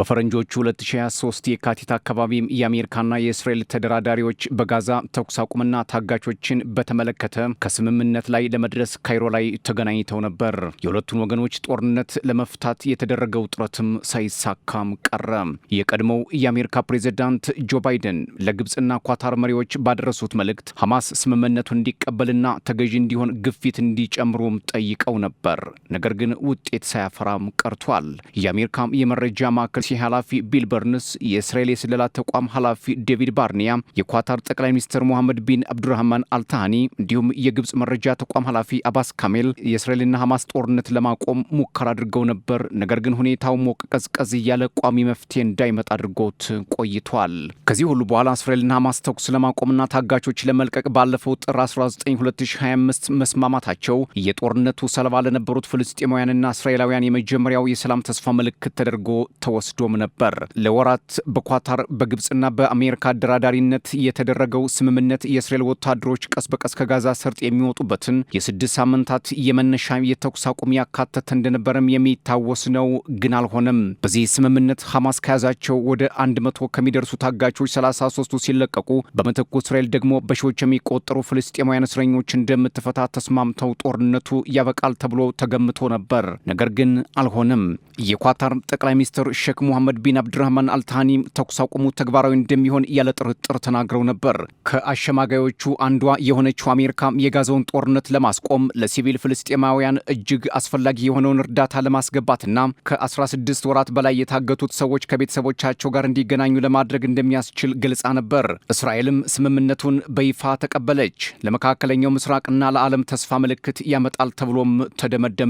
በፈረንጆቹ 2023 የካቲት አካባቢም የአሜሪካና የእስራኤል ተደራዳሪዎች በጋዛ ተኩስ አቁምና ታጋቾችን በተመለከተ ከስምምነት ላይ ለመድረስ ካይሮ ላይ ተገናኝተው ነበር። የሁለቱን ወገኖች ጦርነት ለመፍታት የተደረገው ጥረትም ሳይሳካም ቀረ። የቀድሞው የአሜሪካ ፕሬዚዳንት ጆ ባይደን ለግብፅና ኳታር መሪዎች ባደረሱት መልእክት ሐማስ ስምምነቱን እንዲቀበልና ተገዢ እንዲሆን ግፊት እንዲጨምሩም ጠይቀው ነበር። ነገር ግን ውጤት ሳያፈራም ቀርቷል። የአሜሪካም የመረጃ ማዕከል ኤምባሲ ኃላፊ ቢል በርንስ፣ የእስራኤል የስለላ ተቋም ኃላፊ ዴቪድ ባርኒያ፣ የኳታር ጠቅላይ ሚኒስትር ሞሐመድ ቢን አብዱራህማን አልታኒ እንዲሁም የግብፅ መረጃ ተቋም ኃላፊ አባስ ካሜል የእስራኤልና ሐማስ ጦርነት ለማቆም ሙከራ አድርገው ነበር። ነገር ግን ሁኔታው ሞቅ ቀዝቀዝ እያለ ቋሚ መፍትሄ እንዳይመጣ አድርጎት ቆይቷል። ከዚህ ሁሉ በኋላ እስራኤልና ሐማስ ተኩስ ለማቆምና ታጋቾች ለመልቀቅ ባለፈው ጥር 19 2025 መስማማታቸው የጦርነቱ ሰለባ ለነበሩት ፍልስጤማውያንና እስራኤላውያን የመጀመሪያው የሰላም ተስፋ ምልክት ተደርጎ ተወስዷል። ወስዶም ነበር። ለወራት በኳታር በግብፅና በአሜሪካ አደራዳሪነት የተደረገው ስምምነት የእስራኤል ወታደሮች ቀስ በቀስ ከጋዛ ሰርጥ የሚወጡበትን የስድስት ሳምንታት የመነሻ የተኩስ አቁም ያካተተ እንደነበረም የሚታወስ ነው። ግን አልሆነም። በዚህ ስምምነት ሐማስ ከያዛቸው ወደ 100 ከሚደርሱ ታጋቾች 33ቱ ሲለቀቁ በምትኩ እስራኤል ደግሞ በሺዎች የሚቆጠሩ ፍልስጤማውያን እስረኞች እንደምትፈታ ተስማምተው ጦርነቱ ያበቃል ተብሎ ተገምቶ ነበር። ነገር ግን አልሆነም። የኳታር ጠቅላይ ሚኒስትር ሼክ ሙሐመድ ቢን አብድራህማን አልታኒ ተኩስ አቁሙ ተግባራዊ እንደሚሆን ያለ ጥርጥር ተናግረው ነበር። ከአሸማጋዮቹ አንዷ የሆነችው አሜሪካ የጋዛውን ጦርነት ለማስቆም ለሲቪል ፍልስጤማውያን እጅግ አስፈላጊ የሆነውን እርዳታ ለማስገባትና ከ16 ወራት በላይ የታገቱት ሰዎች ከቤተሰቦቻቸው ጋር እንዲገናኙ ለማድረግ እንደሚያስችል ገልጻ ነበር። እስራኤልም ስምምነቱን በይፋ ተቀበለች። ለመካከለኛው ምስራቅና ለዓለም ተስፋ ምልክት ያመጣል ተብሎም ተደመደመ።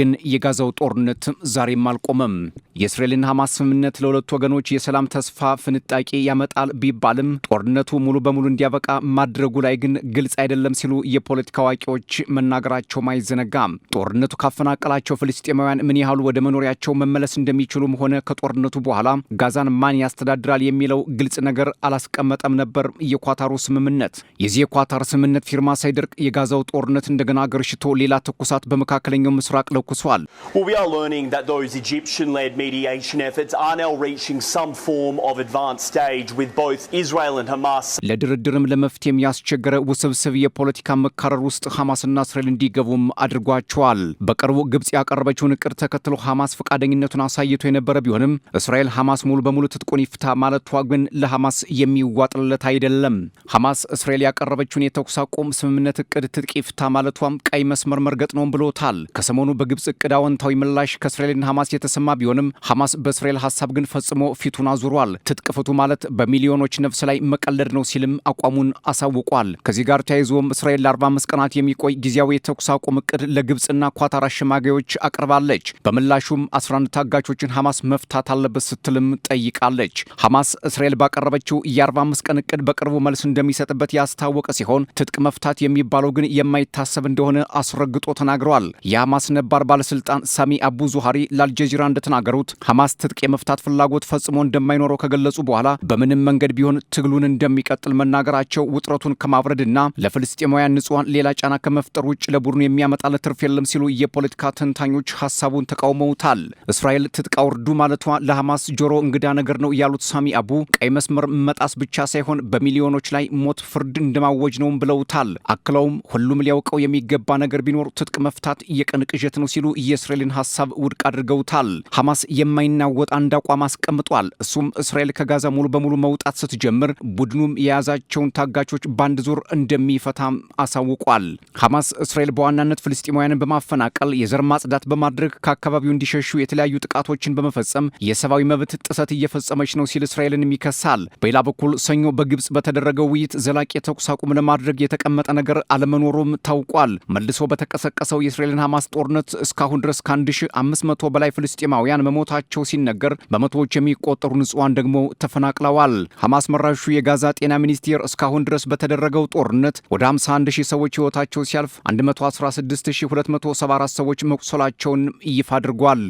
ግን የጋዛው ጦርነት ዛሬም አልቆመም። የእስራኤልን ሐማስ ስምምነት ለሁለቱ ወገኖች የሰላም ተስፋ ፍንጣቂ ያመጣል ቢባልም ጦርነቱ ሙሉ በሙሉ እንዲያበቃ ማድረጉ ላይ ግን ግልጽ አይደለም ሲሉ የፖለቲካ አዋቂዎች መናገራቸውም አይዘነጋም። ጦርነቱ ካፈናቀላቸው ፍልስጤማውያን ምን ያህሉ ወደ መኖሪያቸው መመለስ እንደሚችሉም ሆነ ከጦርነቱ በኋላ ጋዛን ማን ያስተዳድራል የሚለው ግልጽ ነገር አላስቀመጠም ነበር የኳታሩ ስምምነት። የዚህ የኳታር ስምምነት ፊርማ ሳይደርቅ የጋዛው ጦርነት እንደገና ገርሽቶ ሌላ ትኩሳት በመካከለኛው ምስራቅ ለኩሷል። are now reaching some form of advanced stage with both Israel and Hamas. ለድርድርም ለመፍትሄ ያስቸገረ ውስብስብ የፖለቲካ መካረር ውስጥ ሐማስና እስራኤል እንዲገቡም አድርጓቸዋል። በቅርቡ ግብጽ ያቀረበችውን እቅድ ተከትሎ ሐማስ ፈቃደኝነቱን አሳይቶ የነበረ ቢሆንም እስራኤል ሐማስ ሙሉ በሙሉ ትጥቁን ይፍታ ማለቷ ግን ለሐማስ የሚዋጥለት አይደለም። ሐማስ እስራኤል ያቀረበችውን የተኩስ አቁም ስምምነት እቅድ ትጥቅ ይፍታ ማለቷም ቀይ መስመር መርገጥ ነው ብሎታል። ከሰሞኑ በግብጽ እቅድ አዎንታዊ ምላሽ ከእስራኤልና ሐማስ የተሰማ ቢሆንም ሐማስ በእስራኤል ሀሳብ ግን ፈጽሞ ፊቱን አዙሯል። ትጥቅ ፍቱ ማለት በሚሊዮኖች ነፍስ ላይ መቀለድ ነው ሲልም አቋሙን አሳውቋል። ከዚህ ጋር ተያይዞም እስራኤል ለ45 ቀናት የሚቆይ ጊዜያዊ የተኩስ አቁም እቅድ ለግብፅና ኳታር አሸማጋዮች አቅርባለች። በምላሹም 11 ታጋቾችን ሐማስ መፍታት አለበት ስትልም ጠይቃለች። ሐማስ እስራኤል ባቀረበችው የ45 ቀን እቅድ በቅርቡ መልስ እንደሚሰጥበት ያስታወቀ ሲሆን ትጥቅ መፍታት የሚባለው ግን የማይታሰብ እንደሆነ አስረግጦ ተናግረዋል። የሐማስ ነባር ባለስልጣን ሳሚ አቡ ዙሃሪ ለአልጀዚራ እንደተናገሩት ሐማስ ትጥቅ የመፍታት ፍላጎት ፈጽሞ እንደማይኖረው ከገለጹ በኋላ በምንም መንገድ ቢሆን ትግሉን እንደሚቀጥል መናገራቸው ውጥረቱን ከማብረድና ለፍልስጤማውያን ንጹሐን ሌላ ጫና ከመፍጠር ውጭ ለቡድኑ የሚያመጣ ለትርፍ የለም ሲሉ የፖለቲካ ተንታኞች ሀሳቡን ተቃውመውታል። እስራኤል ትጥቅ አውርዱ ማለቷ ለሐማስ ጆሮ እንግዳ ነገር ነው ያሉት ሳሚ አቡ ቀይ መስመር መጣስ ብቻ ሳይሆን በሚሊዮኖች ላይ ሞት ፍርድ እንደማወጅ ነውም ብለውታል። አክለውም ሁሉም ሊያውቀው የሚገባ ነገር ቢኖር ትጥቅ መፍታት የቀን ነው ሲሉ የእስራኤልን ሀሳብ ውድቅ አድርገውታል። ሐማስ የማይናወጥ አንድ አቋም አስቀምጧል። እሱም እስራኤል ከጋዛ ሙሉ በሙሉ መውጣት ስትጀምር ቡድኑም የያዛቸውን ታጋቾች በአንድ ዙር እንደሚፈታም አሳውቋል። ሐማስ እስራኤል በዋናነት ፍልስጢማውያንን በማፈናቀል የዘር ማጽዳት በማድረግ ከአካባቢው እንዲሸሹ የተለያዩ ጥቃቶችን በመፈጸም የሰብአዊ መብት ጥሰት እየፈጸመች ነው ሲል እስራኤልንም ይከሳል። በሌላ በኩል ሰኞ በግብፅ በተደረገው ውይይት ዘላቂ የተኩስ አቁም ለማድረግ የተቀመጠ ነገር አለመኖሩም ታውቋል። መልሶ በተቀሰቀሰው የእስራኤልን ሐማስ ጦርነት እስካሁን ድረስ ከ1500 በላይ ፍልስጢማውያን መሞታቸው ሲነገር ሲነገር በመቶዎች የሚቆጠሩ ንጹሐን ደግሞ ተፈናቅለዋል። ሐማስ መራሹ የጋዛ ጤና ሚኒስቴር እስካሁን ድረስ በተደረገው ጦርነት ወደ 51 ሺህ ሰዎች ሕይወታቸው ሲያልፍ 116274 ሰዎች መቁሰላቸውን ይፋ አድርጓል።